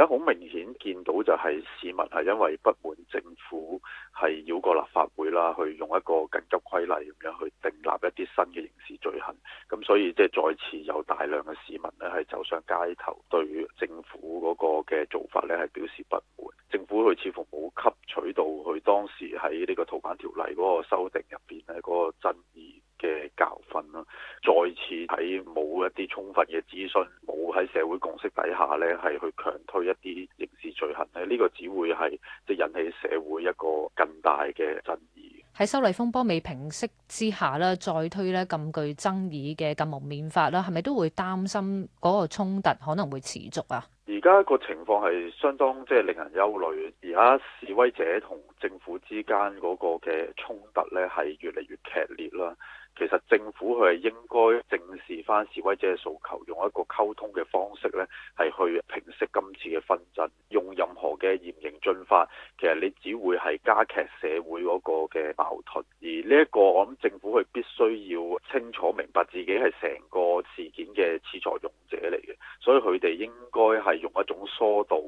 而家好明顯見到就係市民係因為不滿政府係繞過立法會啦，去用一個緊急規例咁樣去訂立一啲新嘅刑事罪行，咁所以即係再次有大量嘅市民呢係走上街頭，對政府嗰個嘅做法呢係表示不滿。政府佢似乎冇吸取到佢當時喺呢個逃犯條例嗰個修訂入邊呢嗰個爭議嘅教訓啦，再次喺冇一啲充分嘅諮詢。喺社會共識底下咧，係去強推一啲刑事罪行咧，呢個只會係即引起社會一個更大嘅爭議。喺修例風波未平息之下啦，再推咧咁具爭議嘅禁蒙面法啦，係咪都會擔心嗰個衝突可能會持續啊？而家個情況係相當即係令人憂慮。而家示威者同政府之間嗰個嘅衝突咧，係越嚟越劇烈啦。其實政府佢係應該正視翻示威者嘅訴求，用一個溝通嘅方式呢，係去平息今次嘅紛爭。用任何嘅嚴刑峻法，其實你只會係加劇社會嗰個嘅矛盾。而呢、這、一個，我諗政府佢必須要清楚明白自己係成個事件嘅始作俑者嚟嘅，所以佢哋應該係用一種疏導。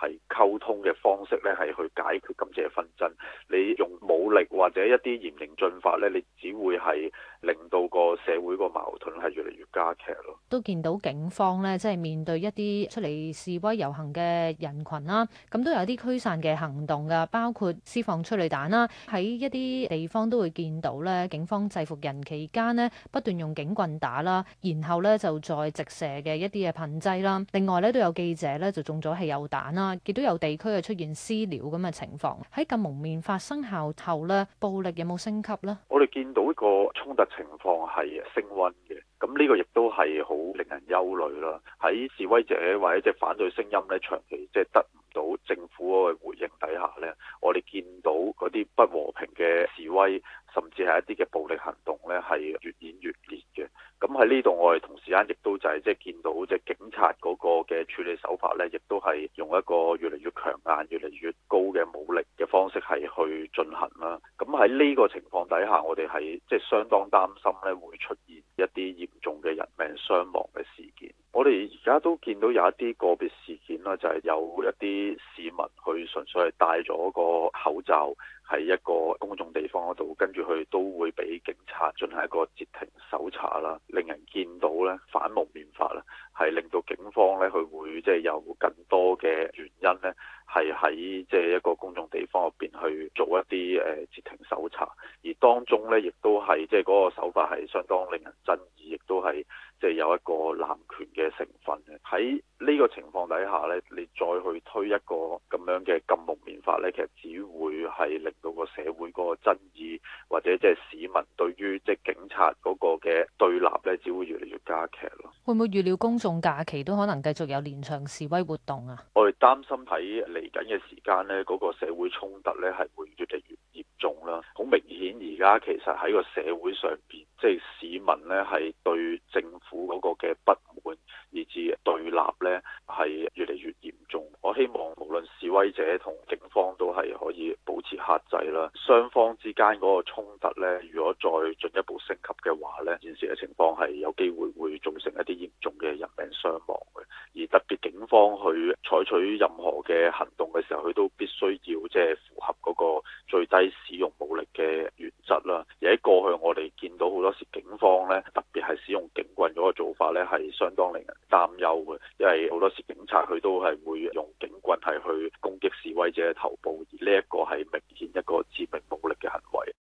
係溝通嘅方式咧，係去解決今次嘅紛爭。你用武力或者一啲嚴刑峻法咧，你只會係令到個社會個矛盾係越嚟越加劇咯。都見到警方呢，即係面對一啲出嚟示威遊行嘅人群啦，咁都有啲驅散嘅行動嘅，包括施放催淚彈啦。喺一啲地方都會見到咧，警方制服人期間呢，不斷用警棍打啦，然後咧就再直射嘅一啲嘅噴劑啦。另外咧都有記者咧就中咗汽油彈啦。見到有地區啊出現私了咁嘅情況？喺禁蒙面法生效後咧，暴力有冇升級咧？我哋見到呢個衝突情況係升溫嘅，咁呢個亦都係好令人憂慮啦。喺示威者或者即係反對聲音咧，長期即係得唔到政府嗰個回應底下咧，我哋見到嗰啲不和平嘅示威，甚至係一啲嘅暴力行動咧，係。同時間亦都就係即係見到即係警察嗰個嘅處理手法咧，亦都係用一個越嚟越強硬、越嚟越高嘅武力嘅方式係去進行啦。咁喺呢個情況底下，我哋係即係相當擔心咧，會出現一啲嚴重嘅人命傷亡嘅事件。我哋而家都見到有一啲個別事。就係有一啲市民去純粹係戴咗個口罩，喺一個公眾地方嗰度跟住佢都會俾警察進行一個截停搜查啦，令人見到咧，反蒙面法啦，係令到警方咧，佢會即係有更多嘅原因呢係喺即係一個公眾地方入邊去。做一啲誒截停搜查，而當中咧亦都係即係嗰個手法係相當令人爭議，亦都係即係有一個濫權嘅成分嘅。喺呢個情況底下咧，你再去推一個咁樣嘅禁木棉法禁蒙面法咧，其實只會係令到個社會嗰個爭議或者即係市民對於即係、就是、警察嗰個嘅對立咧，只會越嚟越加劇咯。會唔會預料公眾假期都可能繼續有連場示威活動啊？我哋擔心喺嚟緊嘅時間咧，嗰、那個社會衝突咧係會，越嚟越嚴重啦，好明顯，而家其實喺個社會上邊，即係市民呢，係對政府嗰個嘅不滿，以至對立呢係越嚟越嚴重。我希望無論示威者同警方都係可以保持克制啦。雙方之間嗰個衝突呢，如果再進一步升級嘅話呢，現時嘅情況係有機會會造成一啲嚴重嘅人命傷亡嘅。而特別警方去採取任何嘅行動嘅時候，佢都必須要即係。而喺過去我哋見到好多時，警方咧特別係使用警棍嗰個做法咧，係相當令人擔憂嘅，因為好多時警察佢都係會用警棍係去攻擊示威者嘅頭部，而呢一個係明顯一個致命武力嘅行為。